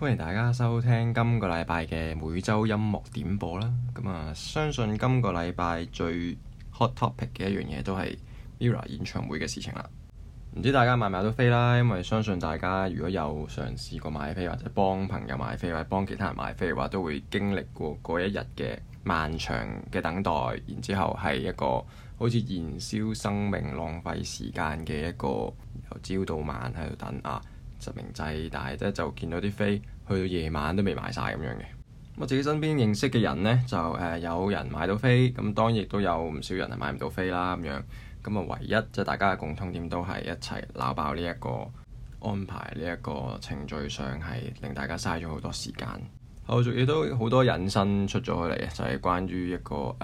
歡迎大家收聽今個禮拜嘅每周音樂點播啦，咁啊，相信今個禮拜最 hot topic 嘅一樣嘢都係 MIRROR 演唱會嘅事情啦。唔知大家買唔買到飛啦？因為相信大家如果有嘗試過買飛或者幫朋友買飛或者幫其他人買飛嘅話，都會經歷過嗰一日嘅漫長嘅等待，然之後係一個好似燃燒生命、浪費時間嘅一個由朝到晚喺度等啊。實名制，但係咧就見到啲飛去到夜晚都未買晒咁樣嘅。我自己身邊認識嘅人呢，就誒有人買到飛，咁當然亦都有唔少人係買唔到飛啦咁樣。咁啊唯一即係大家嘅共通點都係一齊鬧爆呢、這、一個安排，呢一個程序上係令大家嘥咗好多時間。後續亦都好多引申出咗去嚟，就係、是、關於一個誒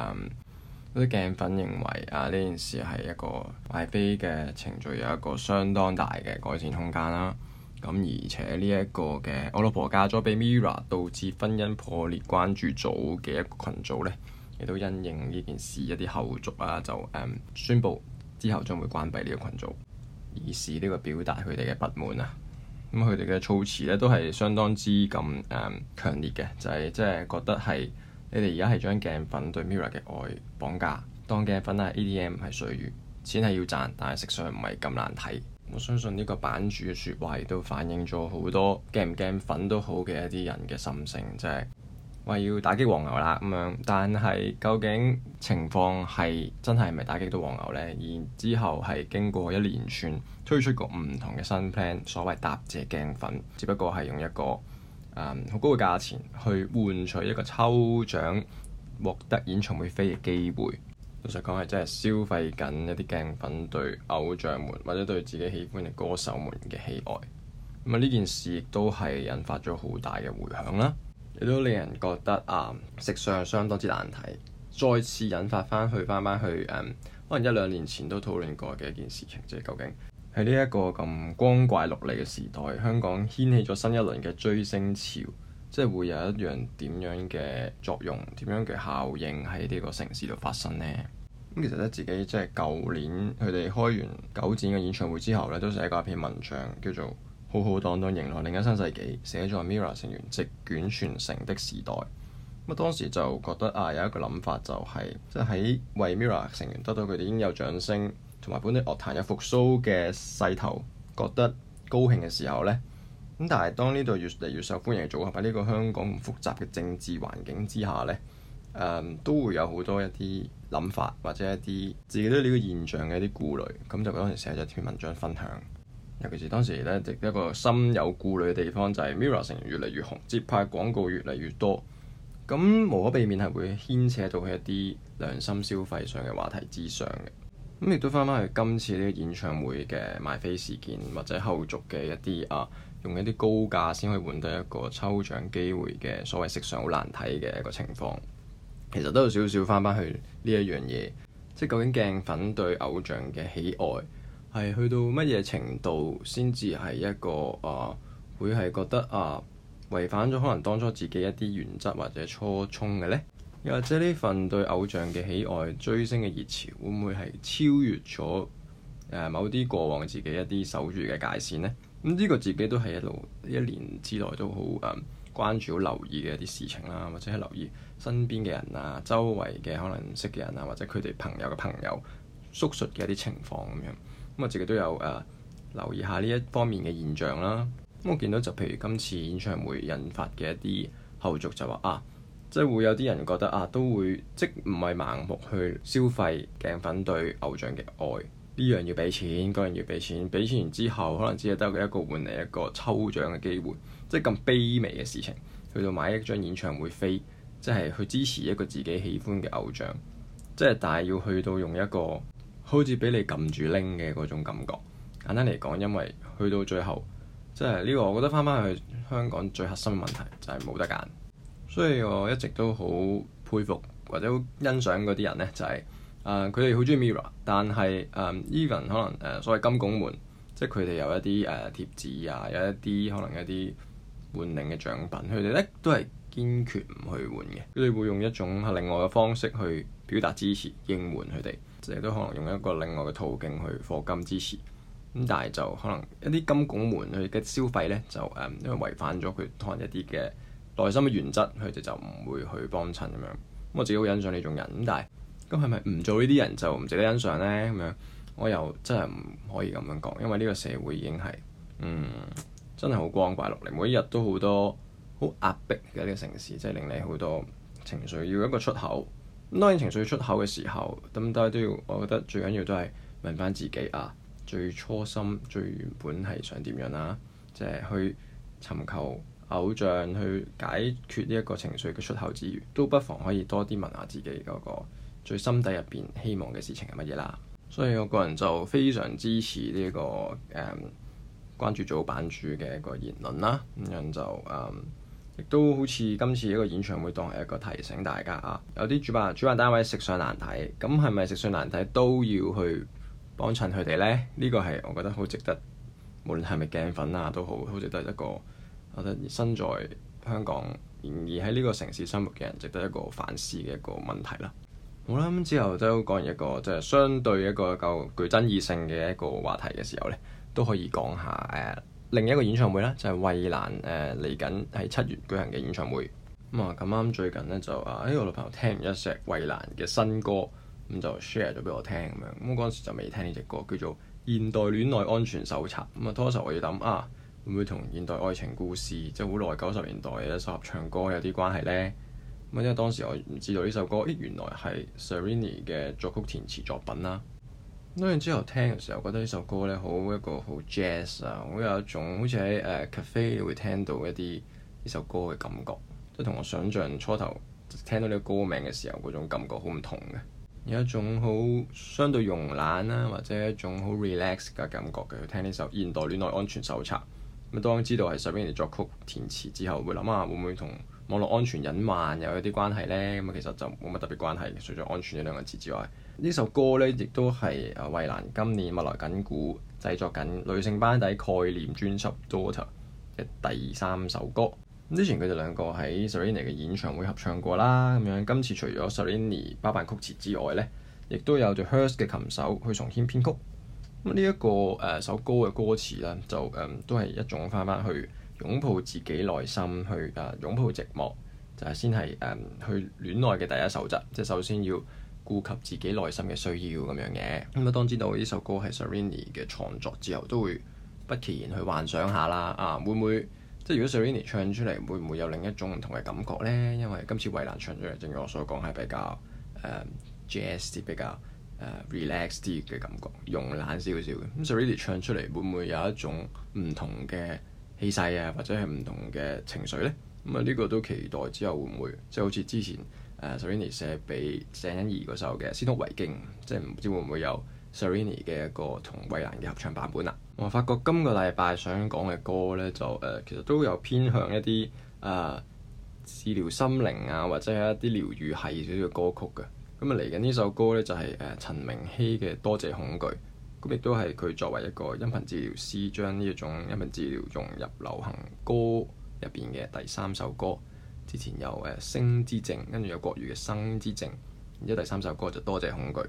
嗰啲鏡粉認為啊，呢件事係一個買飛嘅程序有一個相當大嘅改善空間啦。啊咁而且呢一個嘅我老婆嫁咗俾 Mira，導致婚姻破裂。關注組嘅一個群組咧，亦都因應呢件事一啲後續啊，就誒、um, 宣布之後將會關閉呢個群組，以示呢個表達佢哋嘅不滿啊。咁佢哋嘅措辭咧都係相當之咁誒、um, 強烈嘅，就係即係覺得係你哋而家係將鏡粉對 Mira 嘅愛綁架，當鏡粉啊 ATM 係水魚，錢係要賺，但係食相唔係咁難睇。我相信呢個版主嘅説話亦都反映咗好多鏡唔鏡粉都好嘅一啲人嘅心聲，即係話要打擊黃牛啦咁樣。但係究竟情況係真係係咪打擊到黃牛呢？然之後係經過一連串推出過唔同嘅新 plan，所謂答謝鏡粉，只不過係用一個好、嗯、高嘅價錢去換取一個抽獎獲得演唱會飛嘅機會。老實講係真係消費緊一啲鏡粉對偶像們或者對自己喜歡嘅歌手們嘅喜愛，咁啊呢件事亦都係引發咗好大嘅回響啦，亦都令人覺得啊食相相當之難睇，再次引發翻去翻翻去誒、嗯、可能一兩年前都討論過嘅一件事情，即係究竟喺呢一個咁光怪陸離嘅時代，香港掀起咗新一輪嘅追星潮。即係會有一樣點樣嘅作用，點樣嘅效應喺呢個城市度發生呢？咁其實咧，自己即係舊年佢哋開完九展嘅演唱會之後咧，都寫過一篇文章叫做《浩浩蕩蕩迎來另一新世紀》，寫咗 MIRROR 成員席捲全城的時代。咁啊，當時就覺得啊，有一個諗法就係、是，即係喺為 MIRROR 成員得到佢哋應有掌聲，同埋本地樂壇有復甦嘅勢頭，覺得高興嘅時候呢。咁，但係當呢度越嚟越受歡迎嘅組合喺呢個香港唔複雜嘅政治環境之下呢、嗯、都會有好多一啲諗法或者一啲自己對呢個現象嘅一啲顧慮，咁就當時寫咗一篇文章分享。尤其是當時呢一個心有顧慮嘅地方就係 Mirror 成員越嚟越紅，接拍廣告越嚟越多，咁無可避免係會牽扯到佢一啲良心消費上嘅話題之上嘅。咁、嗯、亦都翻翻去今次呢個演唱會嘅賣飛事件或者後續嘅一啲啊～用一啲高價先可以換到一個抽獎機會嘅所謂食相好難睇嘅一個情況，其實都有少少翻翻去呢一樣嘢，即係究竟鏡粉對偶像嘅喜愛係去到乜嘢程度先至係一個啊、呃、會係覺得啊、呃、違反咗可能當初自己一啲原則或者初衷嘅呢？又或者呢份對偶像嘅喜愛、追星嘅熱潮，會唔會係超越咗、呃、某啲過往自己一啲守住嘅界線呢？咁呢個自己都係一路一年之內都好誒關注、好留意嘅一啲事情啦，或者係留意身邊嘅人啊、周圍嘅可能唔識嘅人啊，或者佢哋朋友嘅朋友叔縮嘅一啲情況咁樣。咁、嗯、啊，我自己都有誒、呃、留意下呢一方面嘅現象啦。咁、嗯、我見到就譬如今次演唱會引發嘅一啲後續就話啊，即係會有啲人覺得啊，都會即唔係盲目去消費鏡粉對偶像嘅愛。呢樣要俾錢，嗰樣要俾錢，俾錢完之後，可能只係得一個換嚟一個抽獎嘅機會，即係咁卑微嘅事情，去到買一張演唱會飛，即係去支持一個自己喜歡嘅偶像，即係但係要去到用一個好似俾你撳住拎嘅嗰種感覺。簡單嚟講，因為去到最後，即係呢個我覺得翻返去香港最核心嘅問題就係冇得揀。所以我一直都好佩服或者好欣賞嗰啲人呢，就係、是。誒佢哋好中意 Mirror，但係誒、um, Even 可能誒、uh, 所謂金拱門，即係佢哋有一啲誒、uh, 貼紙啊，有一啲可能一啲換領嘅獎品，佢哋咧都係堅決唔去換嘅。佢哋會用一種另外嘅方式去表達支持，應援佢哋，即係都可能用一個另外嘅途徑去課金支持。咁但係就可能一啲金拱門佢嘅消費咧就誒、um, 因為違反咗佢同一啲嘅內心嘅原則，佢哋就唔會去幫襯咁樣。咁我自己好欣賞呢種人，咁但係。咁係咪唔做呢啲人就唔值得欣賞呢？咁樣我又真係唔可以咁樣講，因為呢個社會已經係嗯真係好光怪陸離，每一日都好多好壓迫嘅呢個城市，即係令你好多情緒要一個出口。咁當然情緒出口嘅時候，咁都都要我覺得最緊要都係問翻自己啊，最初心最原本係想點樣啦？即係去尋求偶像去解決呢一個情緒嘅出口之餘，都不妨可以多啲問下自己嗰個。最心底入邊希望嘅事情係乜嘢啦？所以我個人就非常支持呢、這個誒、um, 關注組版主嘅一個言論啦。咁樣就誒亦、um, 都好似今次一個演唱會當係一個提醒大家啊，有啲主辦主辦單位食相難睇，咁係咪食相難睇都要去幫襯佢哋呢？呢、這個係我覺得好值得，無論係咪鏡粉啊都好，好值得一個。我覺得身在香港，然而喺呢個城市生活嘅人，值得一個反思嘅一個問題啦。好啦，咁之後都講完一個即係相對一個夠具爭議性嘅一個話題嘅時候呢都可以講下誒、呃、另一個演唱會啦，就係、是、衛蘭誒嚟緊喺七月舉行嘅演唱會。咁啊咁啱最近呢，就啊，誒、哎、我女朋友聽完一隻衛蘭嘅新歌，咁就 share 咗俾我聽咁樣。咁嗰陣時就未聽呢隻歌，叫做《現代戀愛安全手冊》。咁啊，當時我要諗啊，會唔會同現代愛情故事即係好耐九十年代嘅一首合唱歌有啲關係呢？因為當時我唔知道呢首歌，原來係 Serrini 嘅作曲填詞作品啦。咁然之後聽嘅時候，覺得呢首歌呢好一個好 jazz 啊，好有一種好似喺誒 cafe 會聽到一啲呢首歌嘅感覺，即係同我想像初頭聽到呢個歌名嘅時候嗰種感覺好唔同嘅，有一種好相對慵懶啦、啊，或者一種好 relax 嘅感覺嘅。聽呢首《現代戀愛安全手冊》咁，當知道係 Serrini 作曲填詞之後，會諗下會唔會同網絡安全隱患又有啲關係呢，咁其實就冇乜特別關係，除咗安全呢兩個字之外，呢首歌呢亦都係啊衞蘭今年密鑼緊鼓製作緊女性班底概念專輯《Daughter》嘅第三首歌。之前佢哋兩個喺 Serrini 嘅演唱會合唱過啦，咁樣今次除咗 Serrini 包辦曲詞之外呢，亦都有着 h e r s t 嘅琴手去重編編曲。咁呢一個誒、呃、首歌嘅歌詞呢，就、呃、都係一種翻翻去。擁抱自己內心，去誒、啊、擁抱寂寞，就係、是、先係誒、嗯、去戀愛嘅第一守則，即係首先要顧及自己內心嘅需要咁樣嘅。咁、嗯、啊，當知道呢首歌係 Serrini 嘅創作之後，都會不期然去幻想下啦。啊，會唔會即係如果 Serrini 唱出嚟，會唔會有另一種唔同嘅感覺咧？因為今次衞蘭唱出嚟，正如我所講係比較誒、呃、jazz 啲、比較誒 relax 啲嘅感覺，慵懶少少嘅。咁 Serrini 唱出嚟，會唔會有一種唔同嘅氣勢啊，或者係唔同嘅情緒呢，咁啊呢個都期待之後會唔會，即係好似之前誒、呃、Serrini 寫俾鄭欣宜嗰首嘅《先哭為敬》，即係唔知會唔會有 Serrini 嘅一個同衞蘭嘅合唱版本啦、啊。我發覺今個禮拜想講嘅歌呢，就誒、呃、其實都有偏向一啲誒、呃、治療心靈啊，或者係一啲療癒係少少嘅歌曲嘅。咁啊嚟緊呢首歌呢，就係、是、誒、呃、陳明憙嘅《多謝恐懼》。亦都係佢作為一個音頻治療師，將呢一種音頻治療融入流行歌入邊嘅第三首歌。之前有誒、呃《聲之症》，跟住有國語嘅《生之症》，而家第三首歌就《多謝恐懼》。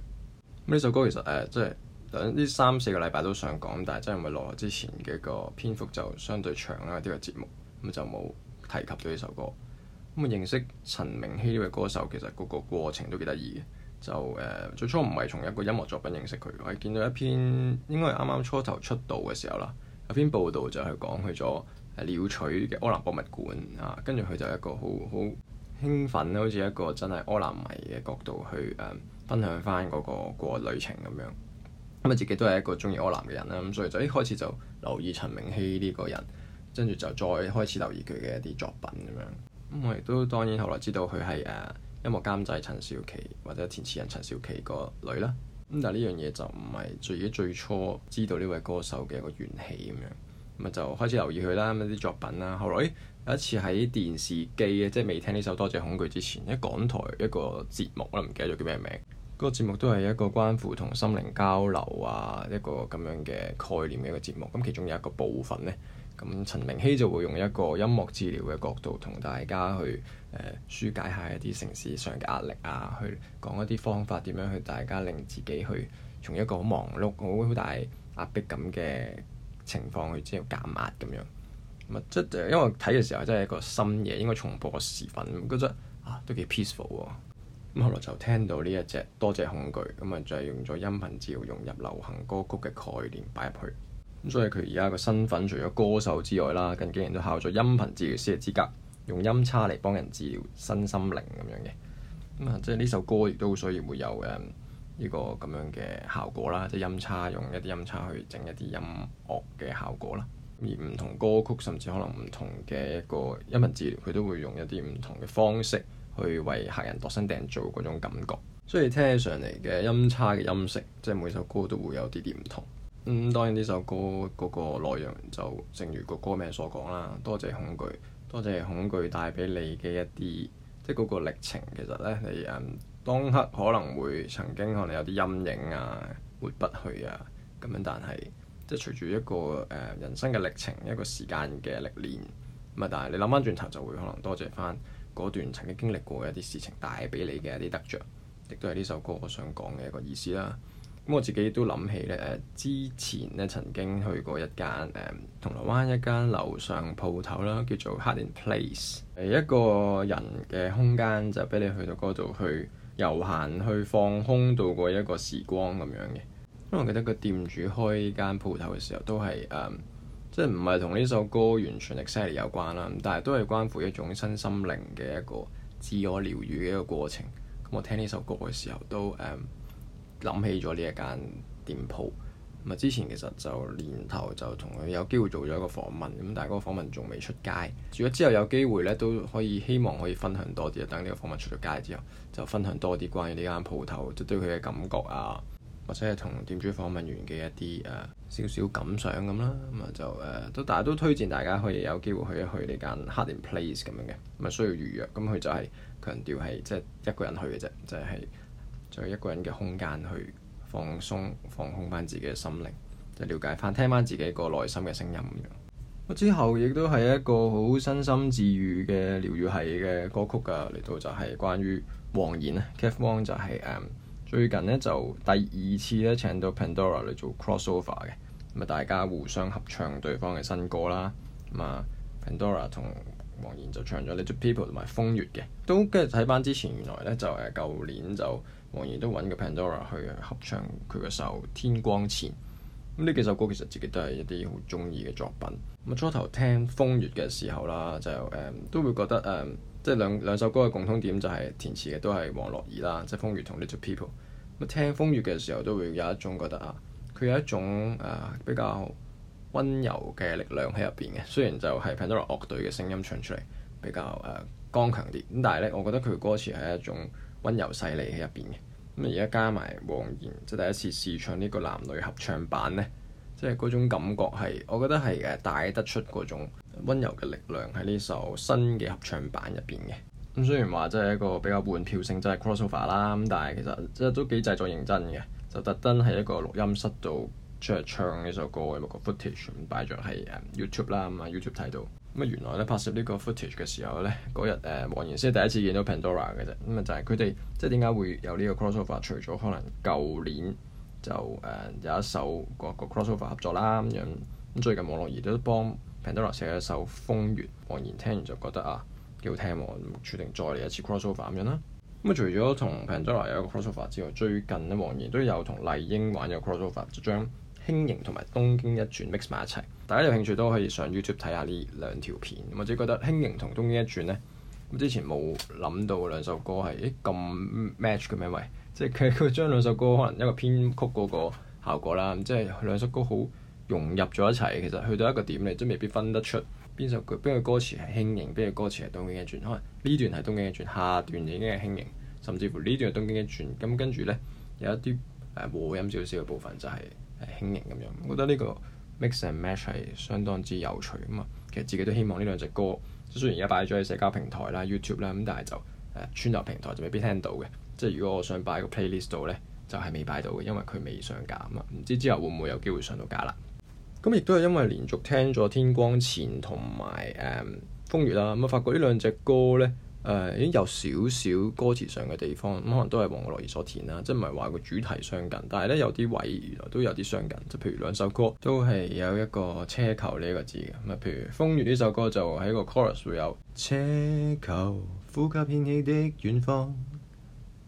呢首歌其實誒、呃，即係兩呢三四個禮拜都想講，但係真係唔係落之前嘅個篇幅就相對長啦，呢、這個節目咁就冇提及到呢首歌。咁啊，認識陳明憙呢位歌手，其實個個過程都幾得意嘅。就誒、呃、最初唔係從一個音樂作品認識佢，我見到一篇應該係啱啱初頭出道嘅時候啦，有篇報道就係講去咗鳥取嘅柯南博物館啊，跟住佢就一個好好興奮好似一個真係柯南迷嘅角度去誒、呃、分享翻、嗰個、嗰個旅程咁樣。咁啊自己都係一個中意柯南嘅人啦，咁所以就一開始就留意陳明憙呢個人，跟住就再開始留意佢嘅一啲作品咁樣。咁我亦都當然後來知道佢係誒、啊音樂監製陳少琪或者填詞人陳少琪個女啦，咁但係呢樣嘢就唔係最而最初知道呢位歌手嘅一個緣起咁樣，咁啊就開始留意佢啦，咁啲作品啦，後來誒有一次喺電視機嘅，即係未聽呢首《多謝恐懼》之前，一港台一個節目我唔記得咗叫咩名，嗰、那個節目都係一個關乎同心靈交流啊一個咁樣嘅概念嘅一個節目，咁其中有一個部分呢。咁陳明憙就會用一個音樂治療嘅角度同大家去誒、呃、舒解一下一啲城市上嘅壓力啊，去講一啲方法點樣去大家令自己去從一個好忙碌、好好大壓迫咁嘅情況去即係減壓咁樣。咁啊，即因為睇嘅時候真係一個深夜應該重播嘅時分，覺得啊都幾 peaceful 喎、啊。咁後來就聽到呢一隻多謝恐懼，咁啊就係用咗音頻治療融入流行歌曲嘅概念擺入去。所以佢而家個身份除咗歌手之外啦，近幾年都考咗音頻治療師嘅資格，用音叉嚟幫人治療身心靈咁樣嘅。咁、嗯、啊，即係呢首歌亦都所以會有誒呢個咁樣嘅效果啦，即係音叉用一啲音叉去整一啲音樂嘅效果啦。而唔同歌曲甚至可能唔同嘅一個音頻治療，佢都會用一啲唔同嘅方式去為客人度身訂做嗰種感覺。所以聽起上嚟嘅音叉嘅音色，即係每首歌都會有啲啲唔同。嗯，當然呢首歌嗰個內容就正如個歌名所講啦，多謝恐懼，多謝恐懼帶俾你嘅一啲，即係嗰個歷程。其實呢，你誒、嗯、當刻可能會曾經可能有啲陰影啊，抹不去啊咁樣，但，但係即係隨住一個誒、呃、人生嘅歷程，一個時間嘅歷練，咁啊，但係你諗翻轉頭就會可能多謝翻嗰段曾經經歷過嘅一啲事情帶俾你嘅一啲得着。亦都係呢首歌我想講嘅一個意思啦。咁我自己都諗起咧誒，之前咧曾經去過一間誒銅鑼灣一間樓上鋪頭啦，叫做 Hiding Place，誒一個人嘅空間就俾你去到嗰度去遊行、去放空、度過一個時光咁樣嘅。因為我記得個店主開間鋪頭嘅時候都係誒，即係唔係同呢首歌完全 exactly 有關啦，但係都係關乎一種身心靈嘅一個自我療愈嘅一個過程。咁我聽呢首歌嘅時候都誒，嗯諗起咗呢一間店鋪，咁啊之前其實就年頭就同佢有機會做咗一個訪問，咁但係嗰個訪問仲未出街。咁之後有機會呢都可以希望可以分享多啲，等呢個訪問出咗街之後，就分享多啲關於呢間鋪頭，即係對佢嘅感覺啊，或者係同店主訪問完嘅一啲誒少少感想咁啦。咁、嗯、啊就誒都、呃，但係都推薦大家可以有機會去一去呢間黑店 Place 咁樣嘅，咁啊需要預約，咁佢就係強調係即係一個人去嘅啫，就係、是。就一個人嘅空間去放鬆放空翻自己嘅心靈，就了解翻聽翻自己個內心嘅聲音。咁之後亦都係一個好身心治愈嘅療愈系嘅歌曲噶，嚟到就係關於黃妍。啊，Cath Wong 就係、是、誒、um, 最近呢，就第二次咧請到 Pandora 嚟做 Crossover 嘅咁，啊，大家互相合唱對方嘅新歌啦。咁啊，Pandora 同黃妍就唱咗《Little People》同埋《風月》嘅，都跟住睇翻之前原來咧就誒舊年就。黃妍都揾嘅 Pandora 去合唱佢嘅首《天光前》咁，呢幾首歌其實自己都係一啲好中意嘅作品。咁初頭聽《風月》嘅時候啦，就誒、嗯、都會覺得誒、嗯，即係兩兩首歌嘅共通點就係填詞嘅都係王樂儀啦，即係《風月》同《Little People》。咁聽《風月》嘅時候都會有一種覺得啊，佢有一種誒、呃、比較温柔嘅力量喺入邊嘅，雖然就係 Pandora 樂隊嘅聲音唱出嚟比較誒、呃、剛強啲，咁但係咧，我覺得佢嘅歌詞係一種温柔細膩喺入邊嘅。咁而家加埋黃妍，即係第一次試唱呢個男女合唱版呢，即係嗰種感覺係，我覺得係誒帶得出嗰種温柔嘅力量喺呢首新嘅合唱版入邊嘅。咁雖然話即係一個比較玩票性，即係 crossover 啦，咁但係其實即係都幾製作認真嘅，就特登喺一個錄音室度出嚟唱呢首歌嘅錄個 footage，擺咗喺 YouTube 啦，咁喺 YouTube 睇到。咁啊，原來咧拍攝呢個 footage 嘅時候咧，嗰日誒黃妍先第一次見到 Pandora 嘅啫，咁啊就係佢哋即係點解會有呢個 crossover？除咗可能舊年就誒、呃、有一首個個 crossover 合作啦咁樣，咁最近網絡兒都幫 Pandora 寫一首《風月》，黃妍聽完就覺得啊幾好聽喎，決定再嚟一次 crossover 咁樣啦。咁、嗯、啊除咗同 Pandora 有一個 crossover 之外，最近咧黃妍都有同麗英玩有 crossover，就將。輕盈同埋東京一轉 mix 埋一齊，大家有興趣都可以上 YouTube 睇下呢兩條片。或者覺得輕盈同東京一轉呢，咁之前冇諗到嘅兩首歌係咁 match 嘅咩位？即係佢佢將兩首歌可能一個編曲嗰個效果啦，即係兩首歌好融入咗一齊。其實去到一個點你都未必分得出邊首歌，邊個歌詞係輕盈，邊個歌詞係東京一轉。可能呢段係東京一轉，下段已經係輕盈，甚至乎呢段係東京一轉。咁跟住呢，有一啲誒和音少少嘅部分就係、是。誒輕盈咁樣，我覺得呢個 mix and match 係相當之有趣啊嘛！其實自己都希望呢兩隻歌，雖然而家擺咗喺社交平台啦、YouTube 啦，咁但係就誒串流平台就未必聽到嘅。即係如果我想擺個 playlist 度咧，就係、係、未擺到嘅，因為佢未上架啊嘛。唔知之後會唔會有機會上到架啦？咁亦都係因為連續聽咗《天光前》同埋誒《風月》啦，咁啊發覺兩呢兩隻歌咧，誒、呃、已經有少少歌詞上嘅地方咁，可能都係黃樂兒所填啦，即係唔係話個主題相近，但係咧有啲位原來都有啲相近，就譬如兩首歌都係有一個車球呢一個字嘅咁啊。譬如《風月》呢首歌就喺個 chorus 會有車球呼吸牽起的遠方，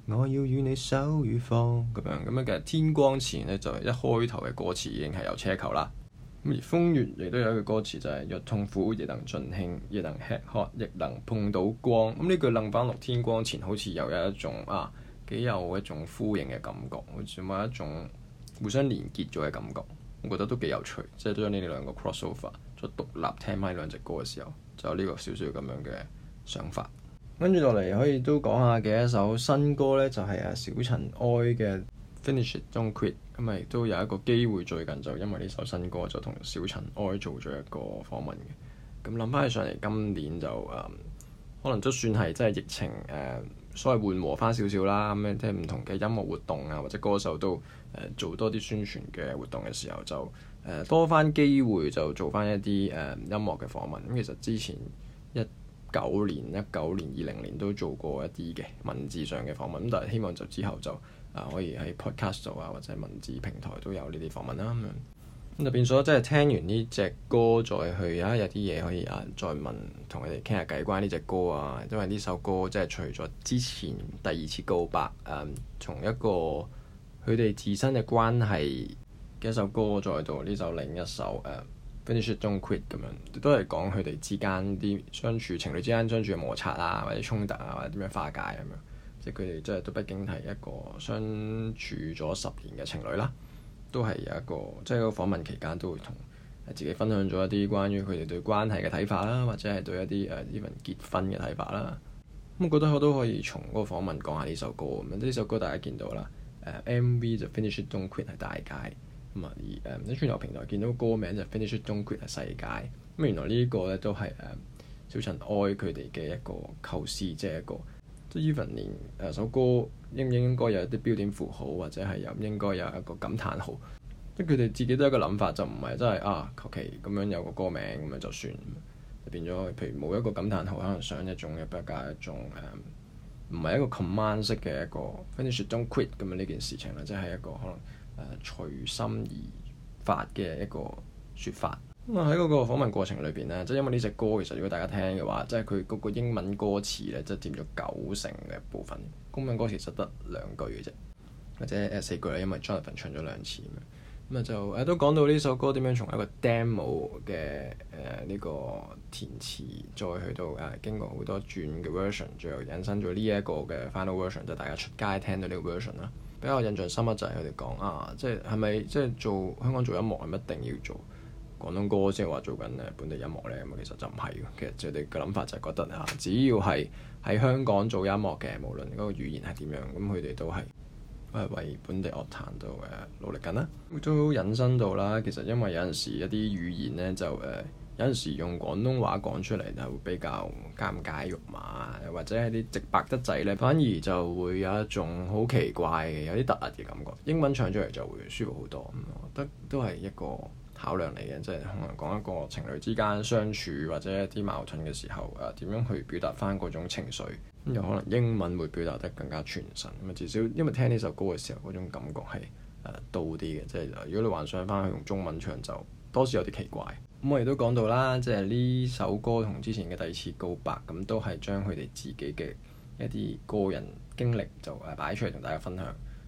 我要與你手與放咁樣咁樣嘅。天光前咧就一開頭嘅歌詞已經係有車球啦。而風月亦都有一句歌詞就係、是、若痛苦亦能盡興，亦能吃喝，亦能，hot，亦能碰到光。咁呢、嗯、句楞翻落天光前，好似又有一種啊，幾有一種呼應嘅感覺，好似有一種互相連結咗嘅感覺。我覺得都幾有趣，即係都將呢兩個 crossover。再獨立聽埋兩隻歌嘅時候，就有呢個少少咁樣嘅想法。跟住落嚟可以都講下嘅一首新歌呢，就係、是、啊小塵埃嘅。Finish it, don't quit，咁咪亦都有一個機會。最近就因為呢首新歌，就同小塵埃做咗一個訪問嘅。咁諗翻起上嚟，今年就誒、嗯，可能都算係即係疫情誒、嗯，所謂緩和翻少少啦。咁、嗯、樣即係唔同嘅音樂活動啊，或者歌手都誒、嗯、做多啲宣傳嘅活動嘅時候，就誒、嗯、多翻機會就做翻一啲誒、嗯、音樂嘅訪問。咁其實之前一九年、一九年、二零年都做過一啲嘅文字上嘅訪問。咁但係希望就之後就。可以喺 podcast 度啊，或者文字平台都有呢啲訪問啦咁樣，咁就變咗即係聽完呢隻歌再去啊，有啲嘢可以啊再問同佢哋傾下偈關呢隻歌啊，因為呢首歌即係除咗之前第二次告白誒，從、嗯、一個佢哋自身嘅關係嘅一首歌再到呢首另一首誒、嗯《Finish It Don't Quit》咁樣，都係講佢哋之間啲相處情侶之間相處嘅摩擦啊，或者衝突啊，或者點樣化解咁樣。.佢哋即係都，畢竟係一個相處咗十年嘅情侶啦，都係有一個，即、就、係、是、個訪問期間都會同自己分享咗一啲關於佢哋對關係嘅睇法啦，或者係對一啲誒呢份結婚嘅睇法啦。咁、嗯、我覺得我都可以從嗰個訪問講下呢首歌咁。即呢首歌大家見到啦、呃、M.V. 就 Finish It Don't Quit 係大楷，咁、嗯、啊而誒啲串流平台見到個歌名就 Finish It Don't Quit 係細楷。咁、嗯、原來個呢個咧都係誒、呃、小塵埃佢哋嘅一個構思，即係一個。即係 even 誒，首歌應唔應該有啲標點符號或者係有應該有一個感嘆號，即係佢哋自己都有一個諗法，就唔係真係啊，求其咁樣有個歌名咁樣就算，變咗譬如冇一個感嘆號，可能想一種嘅比較一種誒唔係一個 command 式嘅一個跟住說中 quit 咁樣呢件事情啦，即係一個可能誒隨、呃、心而發嘅一個說法。咁啊喺嗰個訪問過程裏邊咧，即係因為呢隻歌其實如果大家聽嘅話，即係佢嗰個英文歌詞咧，即係佔咗九成嘅部分。中文歌詞實得兩句嘅啫，或者誒、呃、四句啦，因為 Jonathan 唱咗兩次咁嘛。咁啊就誒、呃、都講到呢首歌點樣從一個 demo 嘅誒呢、呃呢個填詞，再去到誒、呃、經過好多轉嘅 version，最後引申咗呢一個嘅 final version，就是、大家出街聽到呢個 version 啦。比較印象深刻就係佢哋講啊，即係係咪即係做香港做音樂係一定要做？廣東歌先話做緊誒本地音樂咧，咁其實就唔係嘅。其實佢哋嘅諗法就係覺得嚇，只要係喺香港做音樂嘅，無論嗰個語言係點樣，咁佢哋都係都係為本地樂壇度誒努力緊啦。都引申到啦，其實因為有陣時一啲語言咧，就誒有陣時用廣東話講出嚟就會比較尷尬肉麻，或者係啲直白得滯咧，反而就會有一種好奇怪嘅有啲突兀嘅感覺。英文唱出嚟就會舒服好多，我覺得都係一個。考量嚟嘅，即係可能講一個情侶之間相處或者一啲矛盾嘅時候，誒、啊、點樣去表達翻嗰種情緒，咁、嗯、又可能英文會表達得更加傳神。咁啊，至少因為聽呢首歌嘅時候嗰種感覺係誒、啊、多啲嘅，即係如果你幻想翻佢用中文唱就多數有啲奇怪。咁、嗯、我哋都講到啦，即係呢首歌同之前嘅第二次告白咁，都係將佢哋自己嘅一啲個人經歷就誒擺出嚟同大家分享。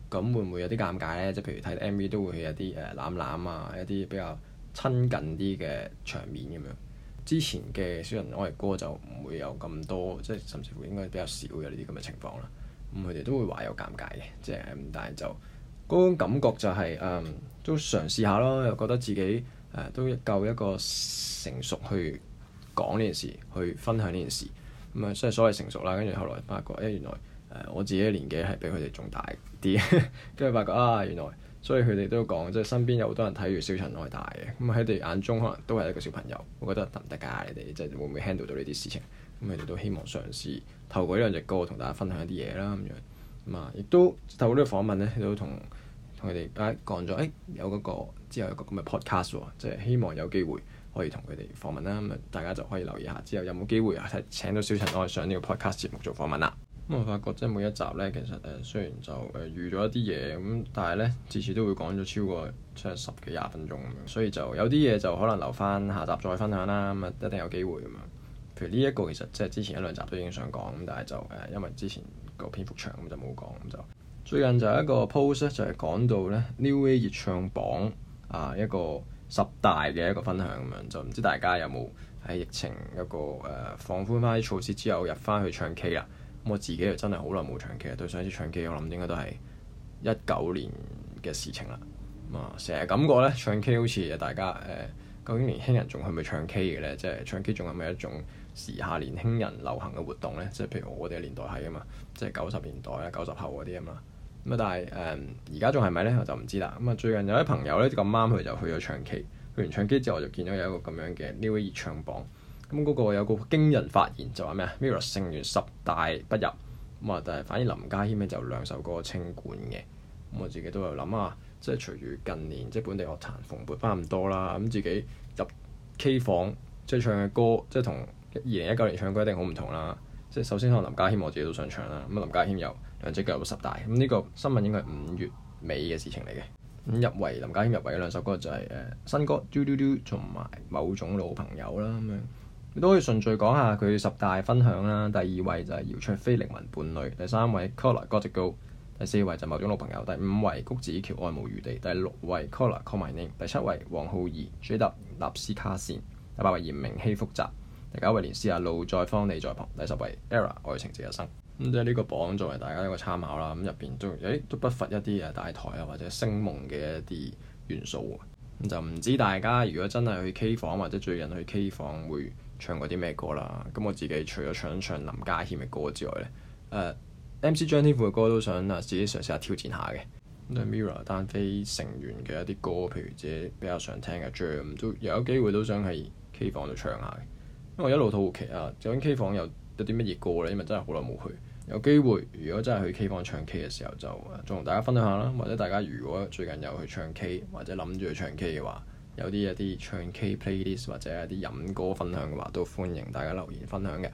咁會唔會有啲尷尬呢？即係譬如睇 MV 都會有啲誒攬攬啊，一啲比較親近啲嘅場面咁樣。之前嘅小人愛嘅歌就唔會有咁多，即係甚至乎應該比較少嘅呢啲咁嘅情況啦。咁佢哋都會話有尷尬嘅，即係但係就嗰種感覺就係、是、誒、嗯、都嘗試下咯，又覺得自己、呃、都夠一個成熟去講呢件事，去分享呢件事咁啊。所、嗯、以所謂成熟啦，跟住後來發覺誒原來誒、呃、我自己嘅年紀係比佢哋仲大。跟住 發覺啊，原來，所以佢哋都講，即係身邊有好多人睇住小陳愛大嘅，咁喺佢哋眼中可能都係一個小朋友。我覺得得唔得㗎？你哋即係會唔會 handle 到呢啲事情？咁佢哋都希望嘗試透過呢兩隻歌同大家分享一啲嘢啦，咁樣，咁啊，亦都透過呢個訪問咧，都同同佢哋講講咗，誒有嗰個之後有個咁嘅 podcast 喎，即係希望有機會可以同佢哋訪問啦。咁啊，大家就可以留意下，之後有冇機會係請到小陳愛上呢個 podcast 節目做訪問啦。咁我發覺即係每一集呢，其實誒雖然就誒預咗一啲嘢咁，但係呢，至少都會講咗超過即係十幾廿分鐘咁樣，所以就有啲嘢就可能留翻下集再分享啦。咁、嗯、啊，一定有機會咁樣。譬如呢一個其實即係之前一兩集都已經想講，咁但係就誒、呃、因為之前個篇幅長，咁就冇講咁就最近就一個 post 就係、是、講到呢 Neway 熱唱榜啊一個十大嘅一個分享咁樣，就唔知大家有冇喺疫情一個誒放、呃、寬翻啲措施之後入翻去唱 K 啦？我自己又真係好耐冇唱 K，對上一次唱 K，我諗應該都係一九年嘅事情啦。啊、嗯，成日感覺咧唱 K 好似大家誒、呃，究竟年輕人仲係咪唱 K 嘅咧？即係唱 K 仲係咪一種時下年輕人流行嘅活動咧？即係譬如我哋嘅年代係啊嘛，即係九十年代啊、九十後嗰啲啊嘛。咁、嗯、啊，但係誒，而家仲係咪咧？我就唔知啦。咁、嗯、啊，最近有啲朋友咧咁啱，佢就去咗唱 K，去完唱 K 之後，我就見到有一個咁樣嘅 Neway 熱唱榜。咁嗰個有個驚人發言，就話咩啊？MIRROR 成員十大不入咁啊，但係反而林家謙咧就兩首歌清管嘅。咁我自己都有諗啊，即係隨住近年即係本地樂壇蓬勃翻咁多啦。咁自己入 K 房即係、就是、唱嘅歌，即係同一二零一九年唱嘅歌一定好唔同啦。即係首先可能林家謙，我自己都想唱啦。咁林家謙有兩隻腳入十大，咁呢個新聞應該係五月尾嘅事情嚟嘅。咁入圍林家謙入圍嘅兩首歌就係、是、誒、呃、新歌嘟嘟嘟，同埋某種老朋友啦咁樣。都可以順序講下佢十大分享啦。第二位就係姚焯菲靈魂伴侶，第三位 COLLAR Gotta Go，第四位就某種老朋友，第五位谷子橋愛慕餘地，第六位 COLLAR Call My Name，第七位王灝兒 JW 納斯卡線，第八位炎明熹複雜，第九位連詩雅路再方你在旁，第十位 ERROR 愛情這一生。咁即係呢個榜作為大家一個參考啦。咁入邊都誒、欸、都不乏一啲啊大台啊或者星夢嘅一啲元素啊。咁就唔知大家如果真係去 K 房或者最近去 K 房會唱過啲咩歌啦？咁我自己除咗唱一唱林家謙嘅歌之外呢、uh, MC 張天賦嘅歌都想啊自己嘗試下挑戰下嘅。咁啊 MIRROR 單飛成員嘅一啲歌，譬如自己比較常聽嘅，Drum》Jam，都有機會都想喺 K 房度唱下，因為一路都好奇啊，究竟 K 房有有啲乜嘢歌呢？因為真係好耐冇去，有機會如果真係去 K 房唱 K 嘅時候，就再同、啊、大家分享下啦。或者大家如果最近有去唱 K，或者諗住去唱 K 嘅話，有啲一啲唱 K playlist 或者一啲飲歌分享嘅話，都歡迎大家留言分享嘅。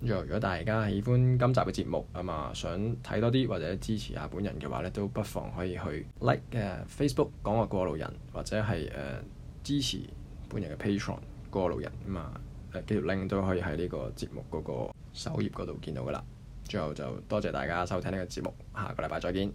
咁之後，如果大家喜歡今集嘅節目啊嘛，想睇多啲或者支持下本人嘅話咧，都不妨可以去 like 嘅、uh, Facebook 講話過路人，或者係誒、uh, 支持本人嘅 Patreon 過路人啊嘛，條 link 都可以喺呢個節目嗰個首頁嗰度見到噶啦。最後就多謝大家收聽呢個節目，下個禮拜再見。